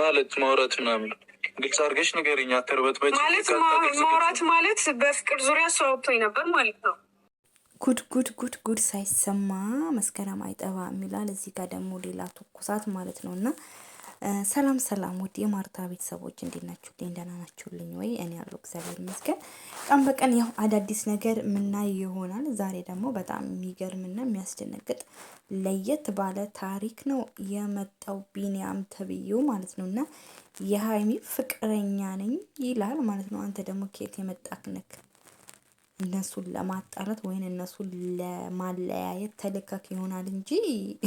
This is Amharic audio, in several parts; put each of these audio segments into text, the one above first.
ማለት ማውራት ምናምን ግልጽ አድርገሽ ንገሪኝ። በ ማለት ማውራት ማለት በፍቅር ዙሪያ እሱ አውጥቶኝ ነበር ማለት ነው። ጉድ ጉድ ጉድ ጉድ ሳይሰማ መስከረም አይጠባም ይላል። እዚህ ጋር ደግሞ ሌላ ትኩሳት ማለት ነው እና ሰላም ሰላም፣ ውድ የማርታ ቤተሰቦች እንዴት ናችሁ? ደህና ናችሁልኝ ወይ? እኔ ያለው እግዚአብሔር ይመስገን። ቀን በቀን ያው አዳዲስ ነገር ምናይ ይሆናል። ዛሬ ደግሞ በጣም የሚገርምና የሚያስደነግጥ ለየት ባለ ታሪክ ነው የመጣው ቢኒያም ተብዬው ማለት ነው እና የሀይሚ ፍቅረኛ ነኝ ይላል ማለት ነው። አንተ ደግሞ ኬት ነክ እነሱን ለማጣረት ወይን እነሱን ለማለያየት ተልከክ ይሆናል እንጂ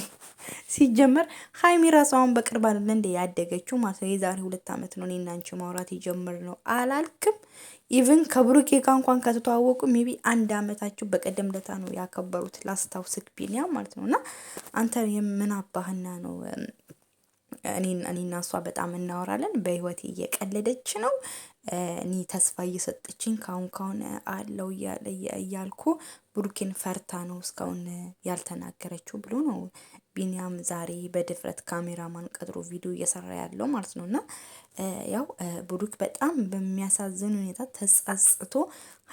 ሲጀመር ሀይሚ ራሷ በቅርብ አይደለ እንደ ያደገችው ማለት ነው። የዛሬ ሁለት ዓመት ነው እኔና አንቺ ማውራት ይጀምር ነው አላልክም። ኢቭን ከብሩኬ ጋር እንኳን ከተተዋወቁ ሜቢ አንድ ዓመታቸው በቀደም ለታ ነው ያከበሩት። ላስታውስክ ቢኒያ ማለት ነው እና አንተ አባህና ነው እኔና እሷ በጣም እናወራለን። በህይወቴ እየቀለደች ነው። እኔ ተስፋ እየሰጠችኝ ካሁን ካሁን አለው እያልኩ ብሩኬን ፈርታ ነው እስካሁን ያልተናገረችው ብሎ ነው ቢኒያም ዛሬ በድፍረት ካሜራማን ቀጥሮ ቪዲዮ እየሰራ ያለው ማለት ነው። እና ያው ብሩክ በጣም በሚያሳዝን ሁኔታ ተጸጽቶ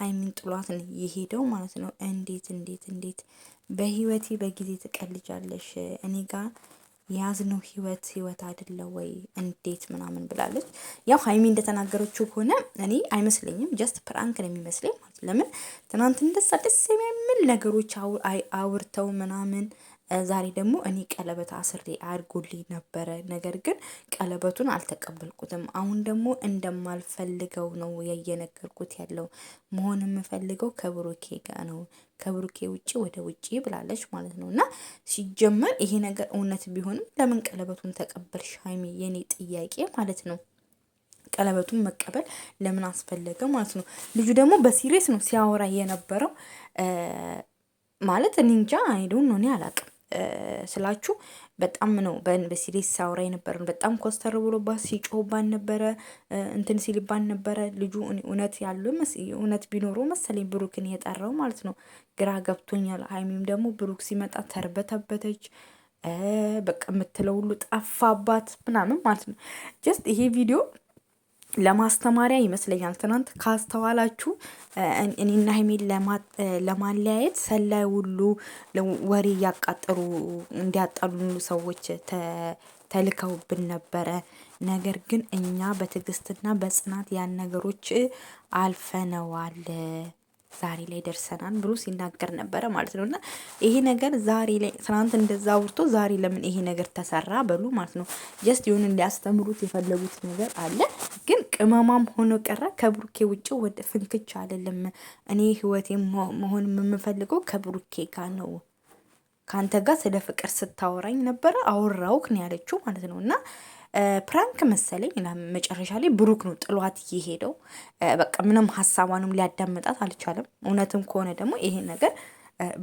ሀይሚን ጥሏት ነው የሄደው ማለት ነው። እንዴት እንዴት እንዴት በህይወቴ በጊዜ ትቀልጃለሽ እኔ ጋር የያዝነው ህይወት ህይወት አይደለም ወይ እንዴት ምናምን ብላለች። ያው ሀይሚ እንደተናገረችው ከሆነ እኔ አይመስለኝም፣ ጀስት ፕራንክ ነው የሚመስለኝ። ለምን ትናንት እንደዛ ደስ የሚያምል ነገሮች አውርተው ምናምን ዛሬ ደግሞ እኔ ቀለበት አስሬ አድርጎልኝ ነበረ። ነገር ግን ቀለበቱን አልተቀበልኩትም። አሁን ደግሞ እንደማልፈልገው ነው የየነገርኩት ያለው መሆን የምፈልገው ከብሩኬ ጋር ነው ከብሩኬ ውጭ ወደ ውጭ ብላለች ማለት ነው። እና ሲጀመር ይሄ ነገር እውነት ቢሆንም ለምን ቀለበቱን ተቀበልሽ ሀይሚ? የኔ ጥያቄ ማለት ነው። ቀለበቱን መቀበል ለምን አስፈለገ ማለት ነው። ልጁ ደግሞ በሲሪየስ ነው ሲያወራ የነበረው ማለት እኔ እንጃ አይዶን ነው እኔ አላቅም። ስላችሁ በጣም ነው በሲሪ ሳውራ የነበረ በጣም ኮስተር ብሎባት ሲጮባን ነበረ። እንትን ሲልባን ነበረ። ልጁ እውነት ያሉ እውነት ቢኖሩ መሰለኝ ብሩክን የጠራው ማለት ነው። ግራ ገብቶኛል። ሀይሚም ደግሞ ብሩክ ሲመጣ ተርበተበተች። በቃ የምትለው ሁሉ ጠፋባት ምናምን ማለት ነው። ጀስት ይሄ ቪዲዮ ለማስተማሪያ ይመስለኛል። ትናንት ካስተዋላችሁ እኔና ሀይሚን ለማለያየት ሰላይ ሁሉ ወሬ እያቃጠሩ እንዲያጣሉን ሰዎች ተልከውብን ነበረ። ነገር ግን እኛ በትዕግስትና በጽናት ያን ነገሮች አልፈነዋል ዛሬ ላይ ደርሰናል ብሎ ሲናገር ነበረ ማለት ነው። እና ይሄ ነገር ዛሬ ላይ ትናንት እንደዛ አውርቶ ዛሬ ለምን ይሄ ነገር ተሰራ በሉ ማለት ነው። ጀስት ይሁን እንዲያስተምሩት የፈለጉት ነገር አለ። ቅመማም ሆኖ ቀረ ከብሩኬ ውጭ ወደ ፍንክች አይደለም። እኔ ህይወቴ መሆን የምፈልገው ከብሩኬ ጋር ነው። ከአንተ ጋር ስለ ፍቅር ስታወራኝ ነበረ አወራውክ ነው ያለችው ማለት ነው እና ፕራንክ መሰለኝ መጨረሻ ላይ ብሩክ ነው ጥሏት እየሄደው። በቃ ምንም ሀሳቧንም ሊያዳምጣት አልቻለም። እውነትም ከሆነ ደግሞ ይሄን ነገር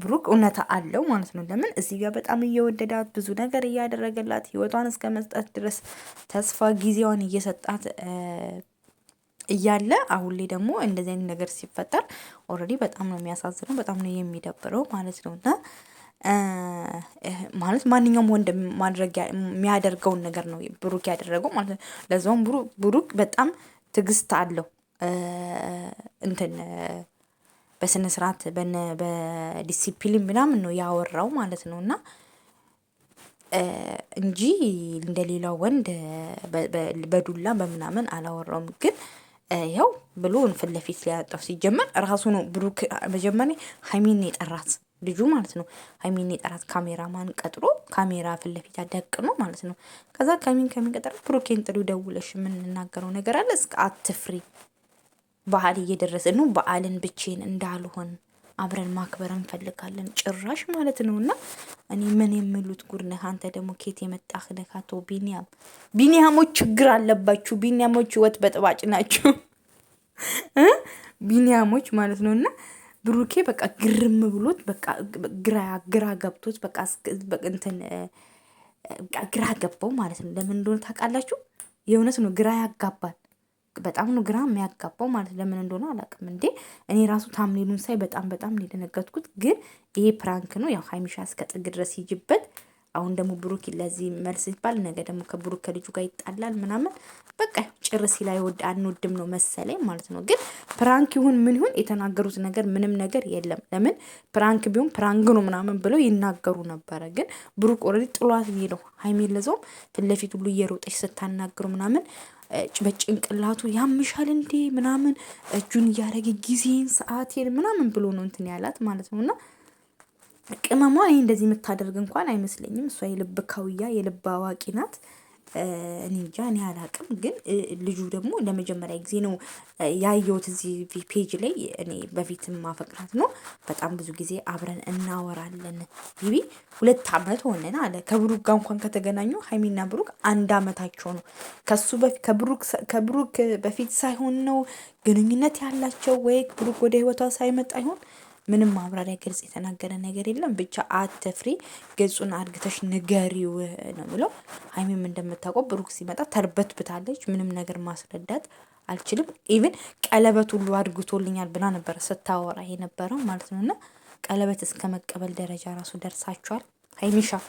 ብሩክ እውነት አለው ማለት ነው። ለምን እዚህ ጋር በጣም እየወደዳት ብዙ ነገር እያደረገላት ህይወቷን እስከ መስጠት ድረስ ተስፋ ጊዜዋን እየሰጣት እያለ አሁን ላይ ደግሞ እንደዚህ አይነት ነገር ሲፈጠር ኦልሬዲ በጣም ነው የሚያሳዝነው፣ በጣም ነው የሚደብረው ማለት ነው እና ማለት ማንኛውም ወንድ ማድረግ የሚያደርገውን ነገር ነው ብሩክ ያደረገው ማለት ነው። ለዛውም ብሩክ በጣም ትዕግስት አለው እንትን በስነ ስርዓት በዲሲፕሊን ምናምን ነው ያወራው ማለት ነው እና እንጂ እንደሌላው ወንድ በዱላ በምናምን አላወራውም። ግን ያው ብሎ ፊት ለፊት ሊያጠው ሲጀመር ራሱ ነው ብሩክ መጀመሪያ ሀይሚን የጠራት ልጁ ማለት ነው። ሀይሚን የጠራት ካሜራማን ቀጥሮ ካሜራ ፊት ለፊት ነው ማለት ነው። ከዛ ከሚን ከሚን ቀጠረ ብሩኬን ጥሪው ደውለሽ የምንናገረው ነገር አለ እስከ አትፍሪ በዓል እየደረሰ ነው። በዓልን ብቼን እንዳልሆን አብረን ማክበር እንፈልጋለን። ጭራሽ ማለት ነው እና እኔ ምን የምሉት ጉድ ነህ አንተ ደግሞ ኬት የመጣህ ነህ? አቶ ቢኒያም ቢኒያሞች ችግር አለባችሁ። ቢኒያሞች ህይወት በጥባጭ ናቸው። ቢኒያሞች ማለት ነው እና ብሩኬ በቃ ግርም ብሎት በቃ ግራ ገብቶት በቃ እንትን ግራ ገባው ማለት ነው። ለምን እንደሆነ ታውቃላችሁ? የእውነት ነው ግራ ያጋባል። በጣም ነው ግራ የሚያጋባው ማለት ለምን እንደሆነ አላውቅም። እንዴ እኔ ራሱ ታምሌሉን ሳይ በጣም በጣም የደነገጥኩት ግን ይሄ ፕራንክ ነው። ያው ሀይሚሻ እስከ ጥግ ድረስ ይጅበት። አሁን ደግሞ ብሩክ ለዚህ መልስ ይባል፣ ነገ ደግሞ ከብሩክ ከልጁ ጋር ይጣላል ምናምን። በቃ ጭር ሲል አይወድ አንወድም ነው መሰለኝ ማለት ነው። ግን ፕራንክ ይሁን ምን ይሁን የተናገሩት ነገር ምንም ነገር የለም። ለምን ፕራንክ ቢሆን ፕራንክ ነው ምናምን ብለው ይናገሩ ነበረ። ግን ብሩክ ኦልሬዲ ጥሏት ነው ሀይሚ ለዛውም ፊት ለፊት ሁሉ እየሮጠች ስታናግሩ ምናምን በጭንቅላቱ ያምሻል እንዴ ምናምን እጁን እያደረገ ጊዜን ሰዓቴን ምናምን ብሎ ነው እንትን ያላት ማለት ነው። እና ቅመሟ ይህ እንደዚህ የምታደርግ እንኳን አይመስለኝም። እሷ የልብ ካውያ የልብ አዋቂ ናት። እኔ እንጃ እኔ አላቅም። ግን ልጁ ደግሞ ለመጀመሪያ ጊዜ ነው ያየሁት እዚህ ፔጅ ላይ። እኔ በፊት ማፈቅራት ነው በጣም ብዙ ጊዜ አብረን እናወራለን። ቢቢ ሁለት ዓመት ሆነን አለ። ከብሩክ ጋር እንኳን ከተገናኙ ሀይሚና ብሩክ አንድ ዓመታቸው ነው። ከሱ ከብሩክ በፊት ሳይሆን ነው ግንኙነት ያላቸው ወይ ብሩክ ወደ ህይወቷ ሳይመጣ ይሆን ምንም ማብራሪያ ግልጽ የተናገረ ነገር የለም። ብቻ አትፍሪ ገጹን አድግተሽ ንገሪው ነው ብለው። ሀይሚም እንደምታውቀው ብሩክ ሲመጣ ብታለች። ምንም ነገር ማስረዳት አልችልም። ኢቭን ቀለበት ሁሉ አድግቶልኛል ብላ ነበረ ስታወራ የነበረው ማለት ነው። እና ቀለበት እስከ መቀበል ደረጃ ራሱ ደርሳችኋል ሀይሚሻ